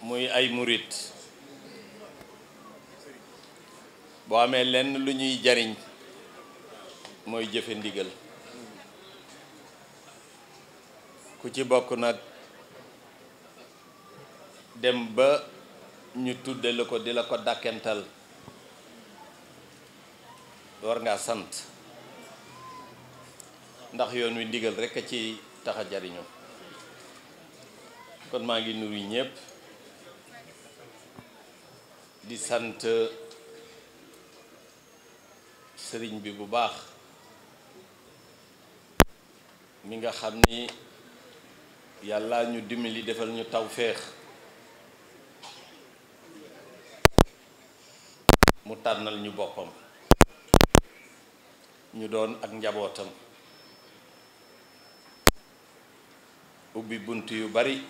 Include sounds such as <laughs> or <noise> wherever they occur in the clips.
muy ay murit boo amee lenn lu ñuy jariñ mooy jëfe ndigal ku ci bokk nag dem ba ñu tudde la ko di la ko dàkkental war ngaa sant ndax yoon wi ndigal rekk a ci taxa a jariñu kon maa ngi nuyu ñépp di sant sëriñ bi bu baax mi nga xam ni yàlla ñu dimbali defal ñu tawféex mu tànnal ñu boppam ñu doon ak njabootam ubbi bunt yu bari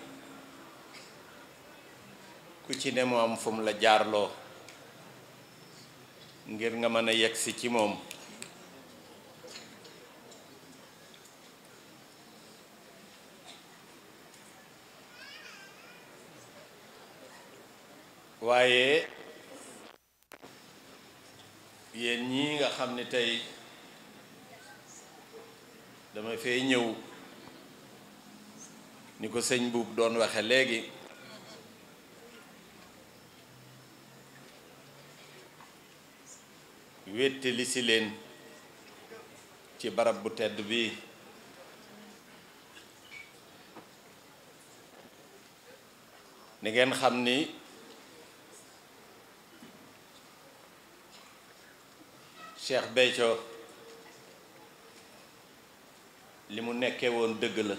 ku ci ne mu am fu la jaarloo ngir nga mën a yegsi ci moom waaye yéen ñii nga xam ne tey dama fee ñëw ni ko sëñ buub doon waxe léegi li si leen ci barab bu tedd bi ni ngeen xam ni Cheikh Béthio li mu nekkee woon dëgg la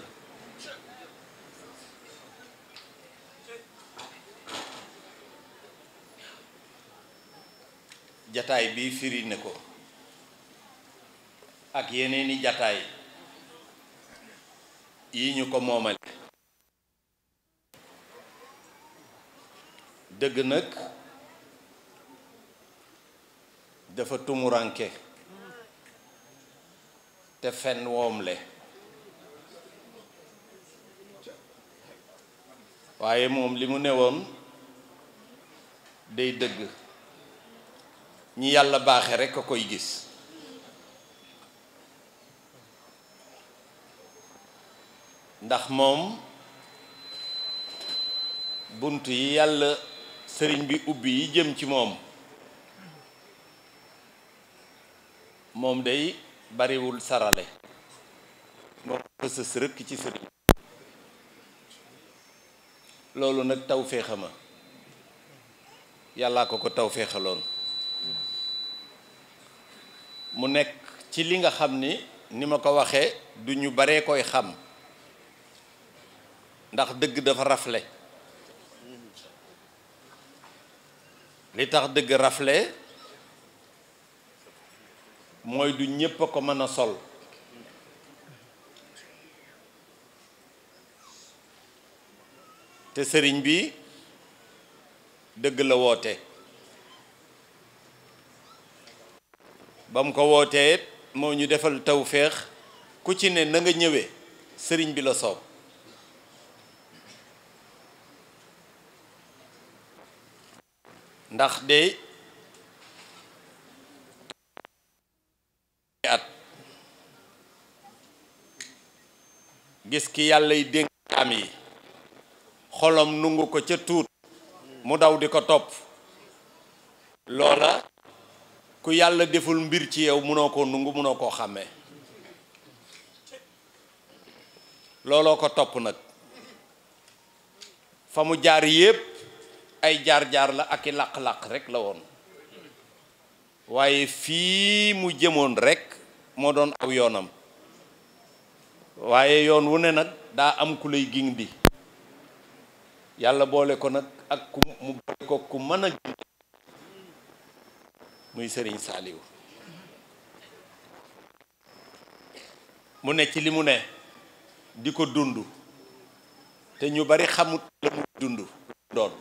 jataay bii firi na ko ak yeneeni jataay yi ñu ko moomale dëgg nag dafa tumuranke te fenn woomle waaye moom li mu newoon day dëgg ñi yàlla baaxe rekk a koy gis ndax moom bunt yi yàlla sëriñ bi ubbi yi jëm ci moom moom dey bariwul sarale moom pësës rëkk ci sëriñ loolu nag taw féexama yàllaa ko ko taw mu nekk ci li nga xam ni ni ma ko waxee du ñu baree koy xam ndax dëgg dafa rafle li tax dëgg rafle mooy du ñépp a ko mën a sol te sëriñ bi dëgg la woote ba mu ko wootee moo ñu defal tawféex ku ci ne nanga ñëwee sëriñ bi la soob ndax de at gis ki yàllay dénk am yi xolom nungu ko ca tuut mu daw di ko topp loola ku yàlla deful mbir ci yow munoo koo nungu munoo koo xàmmee looloo ko topp nag fa mu jaar yépp ay jaar-jaar la ak i làq-làq rek la woon waaye fii mu jëmoon rekk moo doon aw yoonam waaye yoon wu ne nag daa am ku lay bi yàlla boole ko nag ak mu boole ko ku mën a gindi muy sëriñ saaliw mu ne ci li mu ne di ko dund te ñu bari xamut la mu dund doon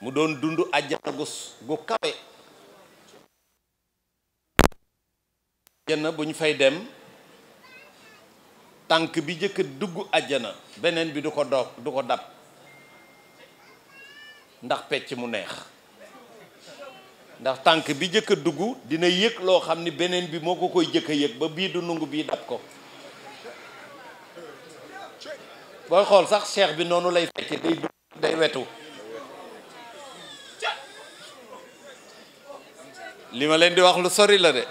mu doon dund àjjana gu gu kawe àjjana bu ñu fay dem tànk bi jëkk dugg àjjana beneen bi du ko doog du ko dab ndax pecc mu neex ndax tànk bi jëkk a dugg dina yëg loo xam ni beneen bi moo ko koy jëkk a yëg ba bii du nungu bii dab ko booy xool sax cheikh bi noonu lay fecc day dugg day wetu li ma leen di wax lu sori la de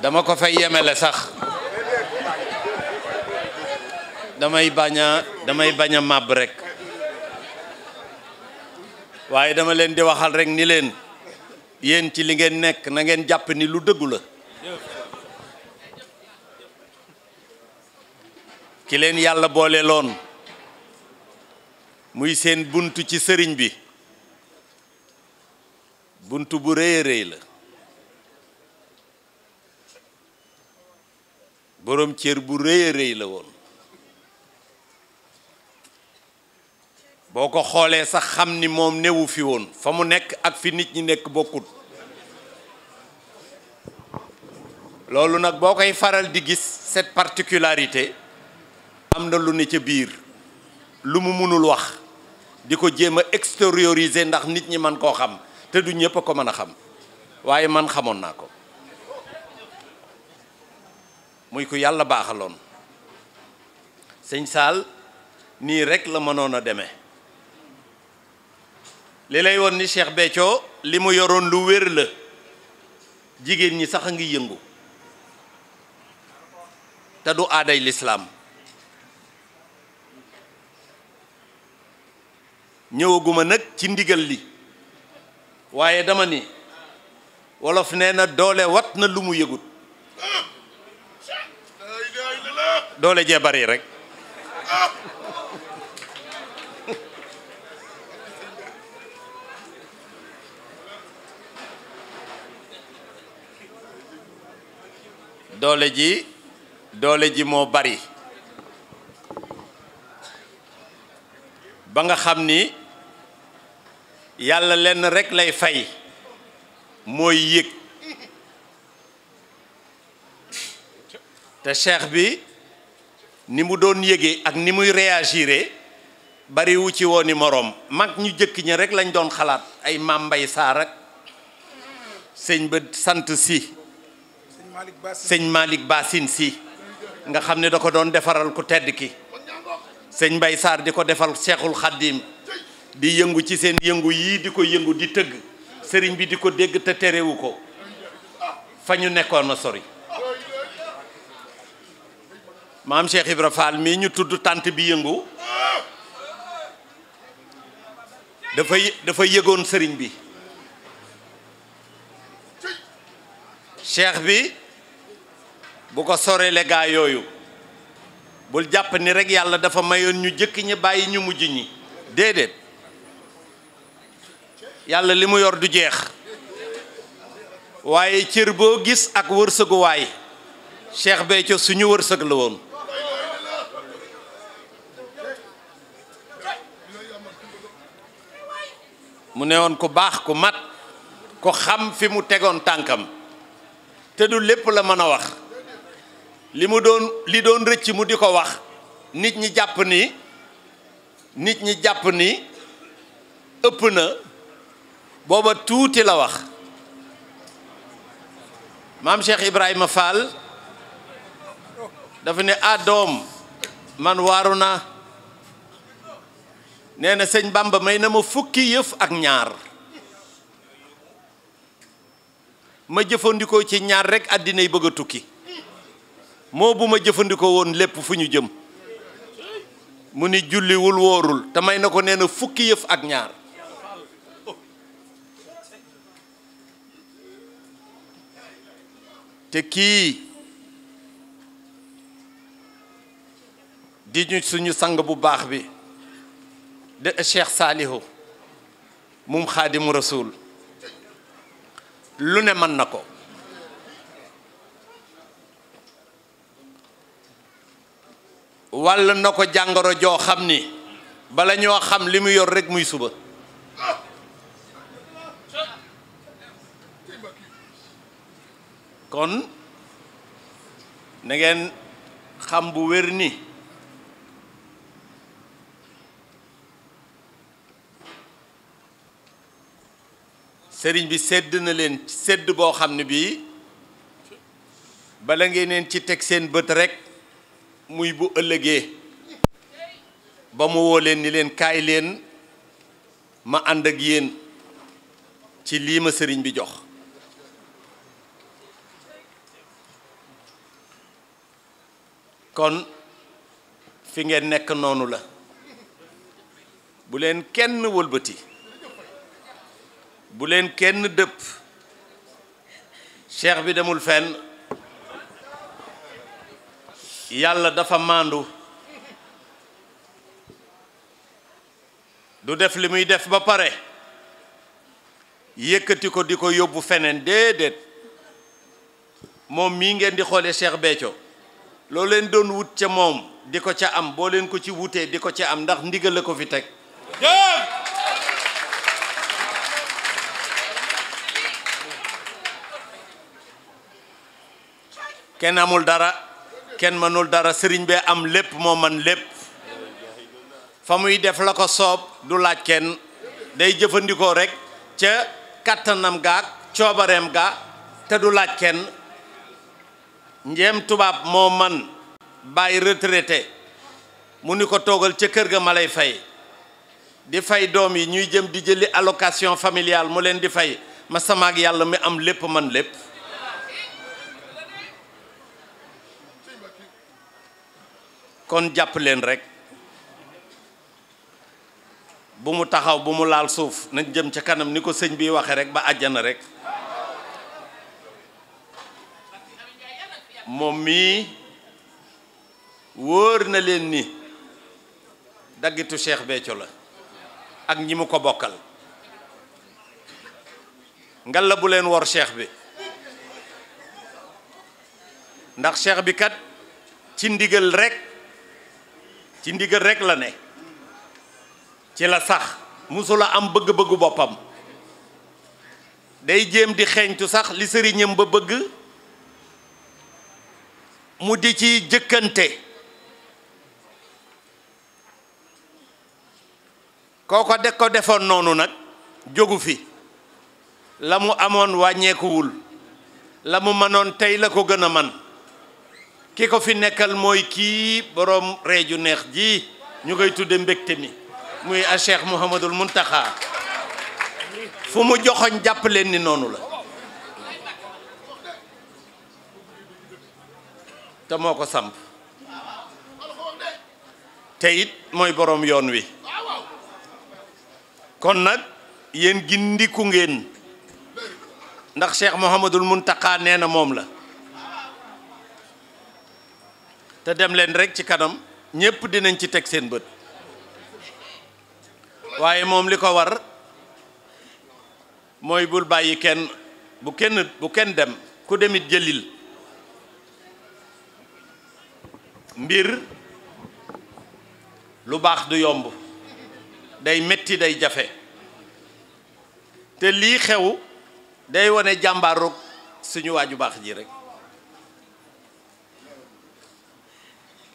dama ko fay yemele sax damay bañ a damay bañ a màbb rek waaye dama leen di waxal rek ni leen yéen ci li ngeen nekk nangeen jàpp ni lu dëggu la ki leen yàlla boole loon muy seen bunt ci sëriñ bi bunt bu rëy rëy la boroom cër bu rëy rëy la woon boo ko xoolee sax xam ni moom newu fi woon fa mu nekk ak fi nit ñi nekk bokkut loolu nag boo koy faral di gis cette particularité am na lu ne ca biir lu mu mënul wax di ko jéem a extérioriser ndax nit ñi man koo xam te du ñëpp a ko mën a xam waaye man xamoon naa ko muy ko yàlla baaxaloon sëñ Saal nii rek la mënoon a demee li lay woon ni Cheikh Béthio li mu yoroon lu wér la jigéen ñi sax a ngi yëngu te du aaday lislaam ñëwaguma nag ci ndigal li waaye dama ni wolof nee na doole wat na lu mu yëgut doole jee bari rek doole ji doole ji moo bari ba nga xam ni yàlla lenn rekk lay fay mooy yëg te cheikh bi ni mu doon yëgee ak ni muy réagiré bariwu wu ci wooni moroom mag ñu jëkk ña rekk lañ doon xalaat ay mambay mbay ak sëñ ba sant si sëñ malik Bassine si nga xam ne da ko doon defaral ku tedd ki sëñ Mbay Sarr di ko defal seexul Khadim di yëngu ci seen yëngu yii di ko yëngu di tëgg sëriñ bi di ko dégg te terewu ko fa ñu nekkoon a sori maam Cheikh Ibra Fall mii ñu tudd tant bi yëngu dafa yëgoon sëriñ bi cheikh bi bu ko sorele gaa yooyu bul jàpp ni rekk yàlla dafa mayoon ñu jëkk ñi bàyyi ñu mujj ñi déedéet yàlla li mu yor du jeex waaye cër boo gis ak wërsëgu waay Cheikh Béthio suñu wërsëg la woon mu ne woon ku baax ku mat ku xam fi mu tegoon tànkam te du lépp la mën a wax li mu doon li doon rëcc mu di ko wax nit ñi jàpp ni nit ñi jàpp ni ëpp na booba tuuti la wax maam Cheikh Ibrahima Fall dafa ne ah doom man waaru naa nee na sëñ Bamba may na ma fukki yëf ak ñaar ma jëfandikoo ci ñaar rekk àddina yi bëgg a tukki moo bu ma jëfandikoo woon lépp fu ñu jëm mu ni julliwul wóorul te may na ko nee fukki yëf ak ñaar te kii di ñu suñu sang bu baax bi de Cheikh Saalihu moom xaadimu rasul lu ne mën na ko wàll na ko jàngoro joo xam ni bala ñoo xam li mu yor rek muy suba kon nangeen xam bu wér ni sëriñ bi sedd na leen sedd boo xam ne bii bala ngeen neen ci teg seen bët rek muy bu ëllëgee ba mu woo leen ni leen kaay leen ma ànd ak yéen ci lii ma sëriñ bi jox kon fi ngeen nekk noonu la bu leen kenn wëlbati bu leen kenn dëpp cheikh bi demul fenn yàlla dafa màndu du def li muy def ba pare yëkkati ko di ko yóbbu feneen déedéet moom mii ngeen di xoolee Cheikh Béthio loo leen doon wut ca moom di ko ca am boo leen ko ci wutee di ko ca am ndax ndigal ko fi teg kenn amul dara kenn mënul dara sëriñ bee am lépp moo man lépp fa muy def la ko soob du laaj kenn day jëfandikoo rek ca kattanam gaag coobareem ga te du laaj kenn njeem tubaab moo man bàyyi retraité mu ni ko toogal ca kër ga ma lay fay di fay doom yi ñuy jëm di jëli allocation familiale mu leen di fay masamaak yàlla mi am lépp man lépp kon jàpp leen rekk bu mu taxaw bu mu laal suuf na jëm ca kanam ni ko sëñ bi waxe rekk ba àjjana rekk moom mii wóor na leen ni daggitu Cheikh Béthio la ak ñi mu ko bokkal ngalla bu leen wor Cheikh bi ndax cheikh bi kat ci ndigal rekk ci ndigal rekk la ne ci la sax musula am bëgg-bëggu boppam day jéem di xeeñtu sax li sëriñam ba bëgg mu di ci jëkkante kooko de ko defoon noonu nag jógu fi la mu amoon wàññeekuwul la mu mënoon tey la ko gën a man ki ko fi nekkal mooy kii borom reeju neex ji ñu koy tudde mbégte mi muy a cheikh mouhamadul muntaxa fu mu joxoñ jàpp leen ni noonu la te moo ko samp te it mooy boroom yoon wi kon nag yéen gindiku ngeen ndax cheikh mouhamadul muntaxa nee na moom la te dem leen rek ci kanam ñépp dinañ ci teg seen bët waaye moom li ko war mooy bul bàyyi kenn bu kenn bu kenn dem ku demit jëlil mbir lu baax du yomb day metti day jafe te lii xew day wane jàmbaarug suñu waaju baax ji rek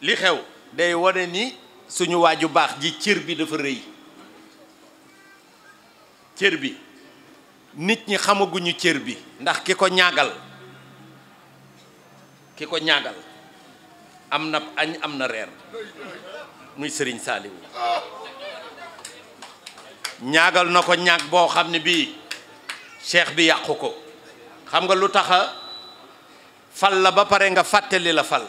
li xew day wane ni suñu waaju baax ji cër bi dafa rëy cër bi nit ñi xamaguñu cër bi ndax ki ko ñaagal ki ko ñaagal am na am na reer muy sëriñ Saaliwu ñaagal na ko ñaag boo xam ne bii cheikh bi yàqu ko xam nga lu taxa fal la ba pare nga fàttali la fal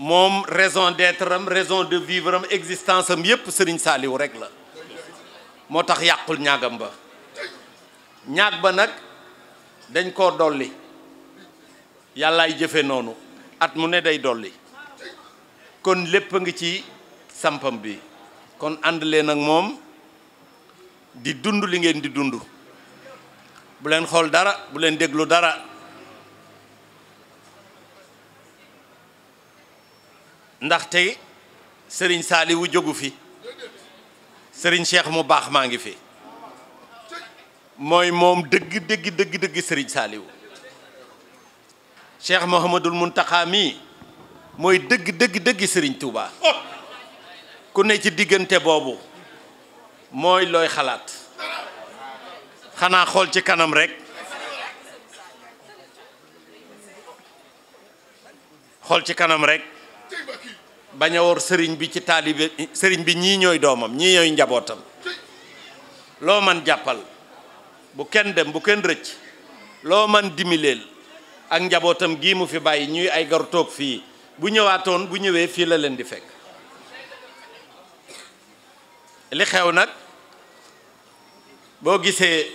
moom raison d'être am raison de vivre am existence am yépp Serigne Saliou rek la moo tax yàqul ñaagam ba ñaag ba nag dañ koo dolli yàllaay jëfe noonu at mu ne day dolli kon lépp a ngi ci sampam bi kon ànd leen ak moom di dund li ngeen di dund bu leen xool dara bu leen déglu dara ndaxte sëriñ Saaliwu jógu fi sëriñ Cheikh mu baax maa ngi fi mooy moom dëgg dëgg dëgg dëgg sëriñ Saaliwu Cheikh Mouhamadul Muntaxa mii mooy dëgg dëgg dëgg sëriñ Touba ku ne ci diggante boobu mooy looy xalaat xanaa xool ci kanam rek xool ci kanam rek bañ a sëriñ bi ci taalibe sëriñ bi ñii ñooy doomam ñii ñooy njabootam loo man jàppal bu kenn dem bu kenn rëcc loo man dimileel ak njabootam gii mu fi bàyyi ñuy ay gar fii bu ñëwaatoon bu ñëwee fii la leen di fekk li xew nag boo gisee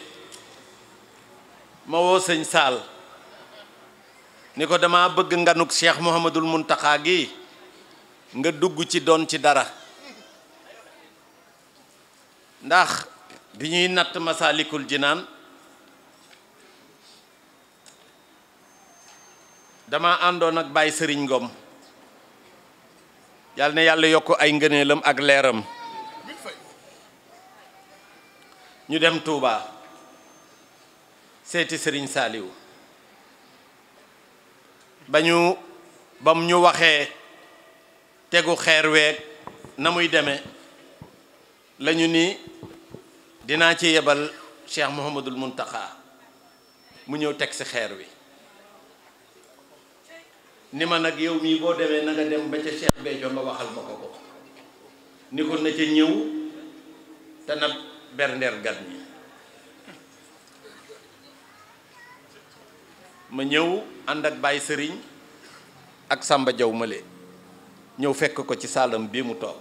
ma woo sëñ Saal ni ko dama bëgg nganuk Cheikh Mouhamadul Muntaxa gi nga dugg ci doon ci dara ndax bi ñuy natt masaalikul jinaan dama àndoon ak Baye sëriñ Ngom yal na yàlla yokk ay ngëneelam ak leeram ñu dem Touba seeti sëriñ Saliou ba ñu bam ñu waxee tegu xeer weeg na muy deme lañu ni dinaa ci yebal Cheikh Mouhamadul Muntaqa mu ñëw teg si xeer wi ni ma nag yow mii boo demee na nga dem ba ca Cheikh Béthio nga waxal ma ko ko ni ko na ca ñëw te na berndeer gan ñi ma ñëw ànd ak Baye Sëriñ ak sàmba Jaw Male ñëw fekk ko ci saalam bi mu toog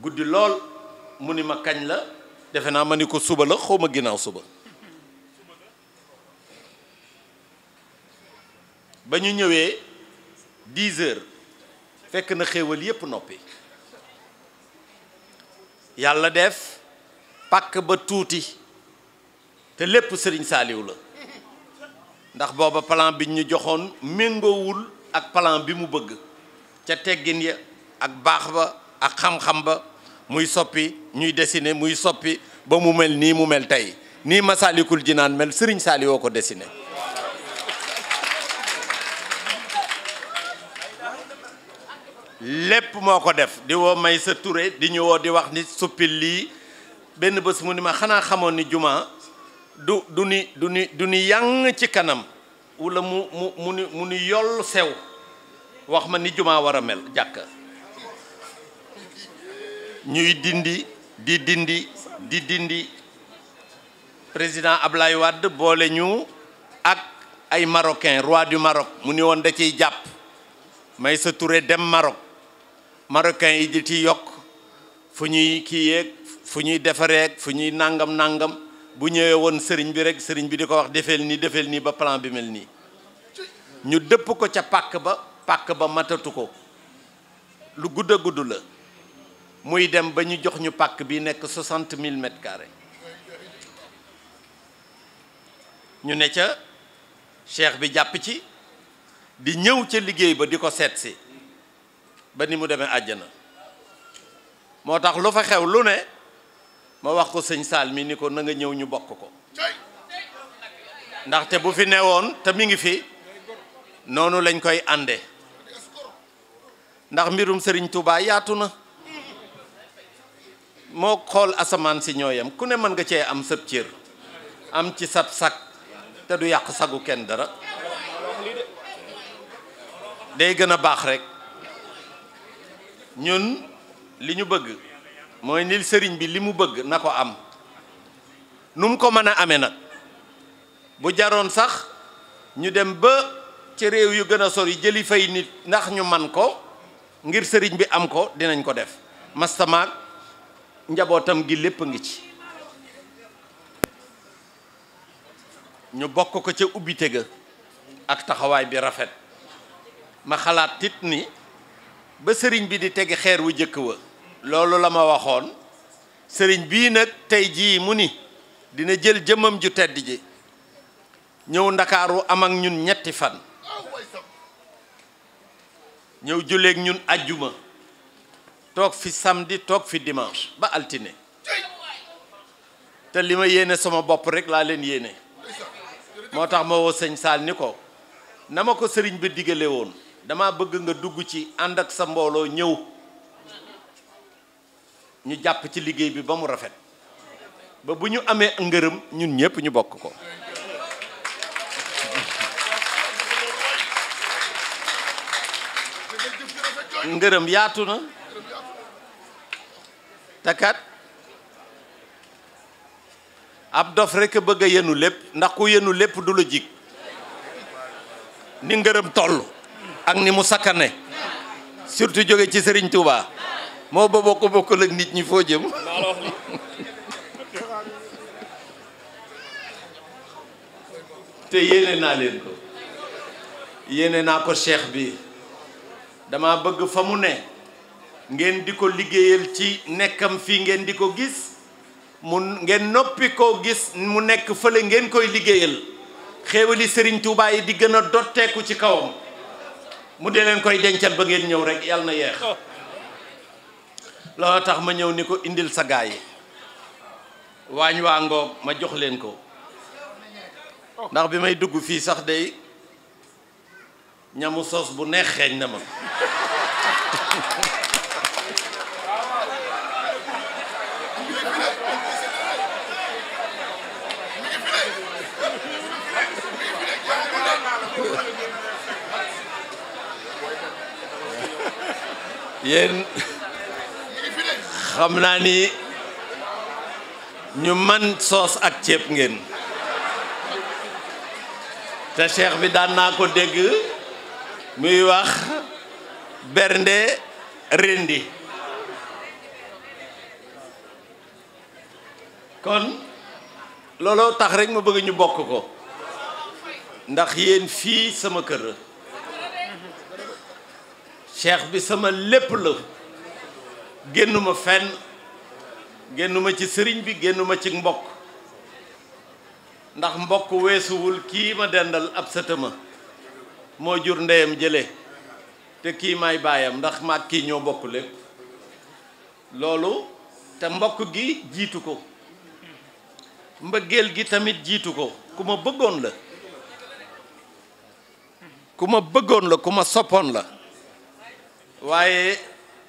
guddi lool mu ni ma kañ la defe naa ma ni ko suba la xaw ma ginnaaw suba ba ñu ñëwee dix heures fekk na xéewal yépp noppi yàlla def pàkk ba tuuti te lépp sëriñ saaliw la ndax booba plan bi ñu joxoon méngoowul ak plan bi mu bëgg ca teggin ya ak baax ba ak xam-xam ba muy soppi ñuy dessiner muy soppi ba mu mel nii mu mel tey nii Masaalikul Jinaan mel Sëriñ Saali woo ko dessiner lépp moo ko def di woo may sa ture di ñu woo di wax ni suppil lii benn bés mu ni ma xanaa xamoon ni juma du du ni du ni du ni yàng ci kanam wala mu mu mu ni mu ni yoll sew wax ma ni jumaa war a mel jàkka ñuy dindi di dindi di dindi président Ablaye Wade boole ñu ak ay marocain roi du Maroc mu ni woon da ciy jàpp may sa ture dem Maroc marocain yi di ci yokk fu ñuy kii fu ñuy defareeg fu ñuy nangam nangam bu ñëwee woon sëriñ bi rek sëriñ bi di ko wax defeel nii defeel nii ba palan bi mel nii ñu dëpp ko ca pàkk ba pàkk ba matatu ko lu gudd a gudd la muy dem ba ñu jox ñu pàkk bi nekk soixante mille mètres carrés ñu ne ca cheikh bi jàpp ci di ñëw ca liggéey ba di ko seet si ba ni mu demee àjjana moo tax lu fa xew lu ne ma wax ko sëñ Saal mi ni ko na nga ñëw ñu bokk ko ndaxte bu fi newoon te mi ngi fi noonu lañ koy ànde ndax mbirum sëriñ Touba yaatu na moo xool asamaan si ñooyam ku ne mën nga cee am sab cër am ci sab sag te du yàq sagu kenn dara day gën a baax rekk ñun li ñu bëgg mooy nil sëriñ bi li mu bëgg na ko am nu mu ko mën a amee nag bu jaroon sax ñu dem ba ci réew yu gën a sori jëli fay nit ndax ñu man ko ngir sëriñ bi am ko dinañ ko def mastamaak njabootam gi lépp a ngi ci ñu bokk ko ca ubbite ga ak taxawaay bi rafet ma xalaat tit ni ba sëriñ bi di teg xeer wu jëkk wa loolu la ma waxoon sëriñ bii nag tey jii mu ni dina jël jëmmam ju tedd ji ñëw ndakaaru am ak ñun ñetti fan ñëw juleek ñun ajjuma toog fi samdi toog fi dimanche ba altine te li ma yéene sama bopp rek laa leen yéene moo tax ma woo sëñ Saal ni ko na ma ko sëriñ bi digale woon dama bëgg nga dugg ci ànd ak sa mbooloo ñëw ñu jàpp ci liggéey bi ba mu rafet ba bu ñu amee ngërëm ñun ñépp ñu bokk ko ngërëm yaatu na te kat ab dof rekk bëgg a yenu lépp ndax ku yenu lépp du la jig ni ngërëm toll ak ni mu sakkane surtout jóge ci Serigne Touba moo ba bokk bokkul nit ñi foo jëm <laughs> te yéene naa leen ko yéene naa ko cheikh bi dama bëgg fa mu ne ngeen di ko liggéeyal ci nekkam fii ngeen di ko gis mu ngeen noppi koo gis mu nekk fële ngeen koy liggéeyal xéewali sëriñ Tuubaa di gën a dotteeku ci kawam mu dee leen koy dencal ba ngeen ñëw rek yàlla na yeex loolu tax ma ñëw ni ko indil sa gaay yi waañ waa ngoog ma jox leen ko ndax bi may dugg fii sax day ñamu soos bu neex xeeñ na ma yéen xam naa ni ñu man soos ak ceeb ngeen te cheikh bi daan naa ko dégg muy wax bernde rendi kon looloo tax rek ma bëgg ñu bokk ko ndax yéen fii sama kër cheikh bi sama lépp la génnuma fenn génnuma ci sëriñ bi génnuma ci mbokk ndax mbokk weesuwul kii ma dendal ab sëtëma moo jur ndeyam jële te kii may baayam ndax maag ki ñoo bokk lépp loolu te mbokk gi jiitu ko mbëggeel gi tamit jiitu ko ku ma bëggoon la ku ma bëggoon la ku ma soppoon la waaye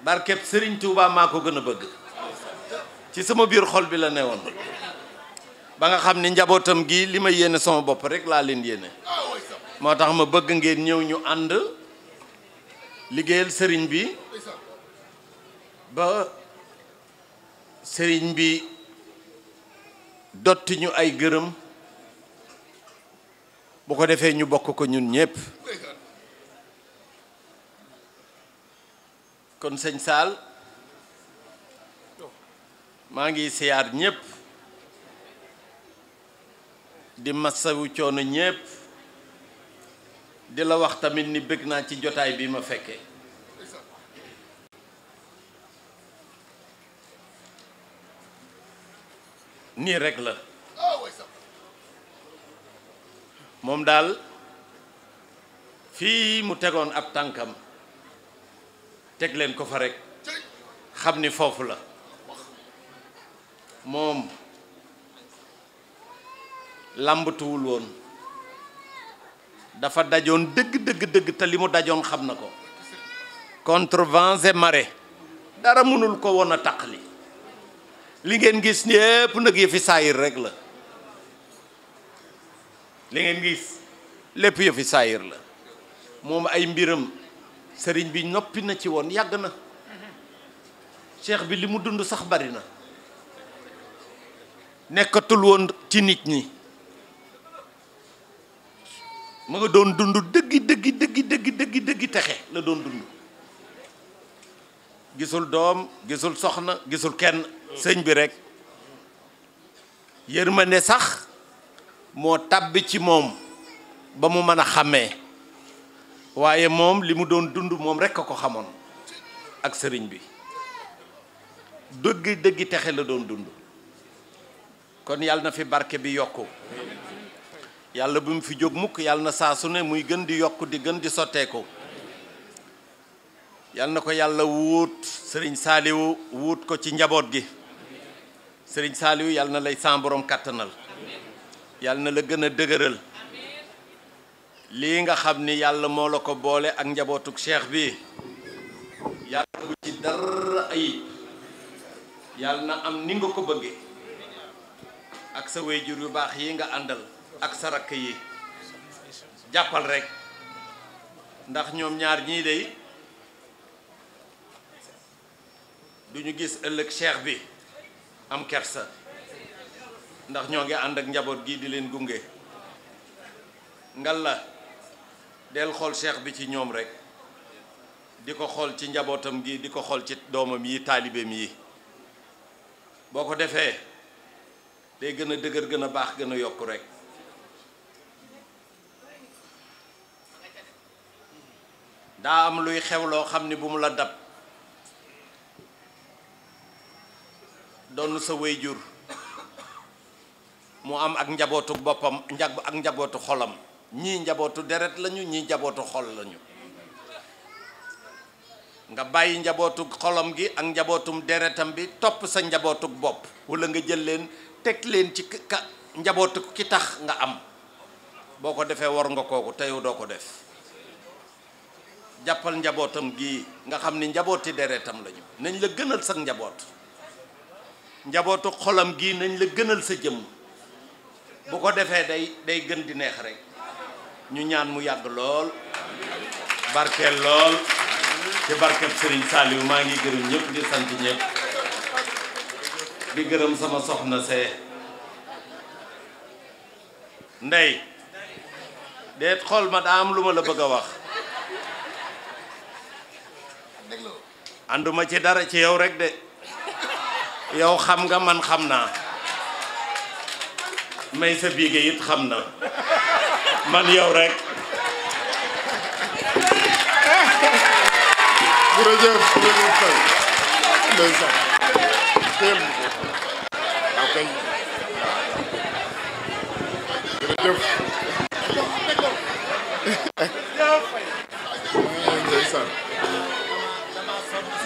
barkeb Sëriñ Tuubaa maa ko gën a bëgg ci sama biir xol bi la ne woon ba nga xam ni njabootam gi li ma yéene sama bopp rek laa leen yéene moo tax ma bëgg ngeen ñëw ñu ànd liggéeyal sëriñ bi ba sëriñ bi dotti ñu ay gërëm bu ko defee ñu bokk ko ñun ñépp kon sëñ Saal maa ngi siyaar ñépp di massawu coono ñépp di la wax tamit ni bégg naa ci jotaay bi ma fekke nii rek la moom daal fii mu tegoon ab tànkam teg leen ko fa rek xam ni foofu la moom làmbatuwul woon dafa dajoon dëgg dëgg dëgg te li mu dajoon xam na ko contre vents et dara mënul ko woon a taqali li ngeen gis ñépp nag yëfi saayir rek la li ngeen gis lépp yëfi saayir la moom ay mbiram sëriñ bi noppi na ci woon yàgg na cheikh bi li mu dund sax bari na nekkatul woon ci nit ñi mu nga doon dund dëggi dëggi dëggi dëggi dëggi dëggi texe la doon dund gisul doom gisul soxna gisul kenn sëñ bi rekk ma ne sax moo tàbb ci moom ba mu mën a xàmmee waaye moom li mu doon dund moom rekk a ko xamoon ak sëriñ bi dëggi dëggi texe la doon dund kon yàlla na fi barke bi yokku yàlla bi mu fi jóg mukk yàlla na saa su ne muy gën di yokk di gën di sotteeku yàlla na ko yàlla wuut sëriñ saaliwu wuut ko ci njaboot gi sëriñ saaliwu yàlla na lay sa kàttanal yàlla na la gën a dëgëral lii nga xam ni yàlla moo la ko boole ak njabootuk cheikh bi yàlla bu ci dara ayib yàlla na am ni nga ko bëggee ak sa wejur yu baax yi nga àndal ak sarak yi jàppal rek ndax ñoom ñaar ñii day duñu gis ëllëg cheikh bi am kersa ndax ñoo ngi ànd ak njaboot gii di leen gunge ngal la del xool seex bi ci ñoom rekk di ko xool ci njabootam gi di ko xool ci doomam yi taalibeem yi boo ko defee day gën a dëgër gën a baax gën a yokk rek daa am luy xew loo xam ni bu mu la dab doon sa wéyjur mu am ak njabootu boppam njab ak njabootu xolam ñii njabootu deret lañu ñii njabootu xol lañu nga bàyyi njabootu xolam gi ak njabootum deretam bi topp sa njabootu bopp wala nga jël leen teg leen ci ka njabootu ki tax nga am boo ko defee war nga kooku te doo ko def jàppal njabootam gi nga xam ni njabooti deretam lañu nañ la gënal sa njaboot njabootu xolam gii nañ la gënal sa jëm bu ko defee day day gën di neex rek ñu ñaan mu yàgg lool barkeel lool ci barkeb sëriñ Saliou maa ngi gërëm ñëpp di sant ñëpp di gërëm sama soxna see ndey deet xool ma daa am lu ma la bëgg a wax ànduma ci dara ci yow rek de yow xam nga man xam naa may sa biige it xam na man yow rek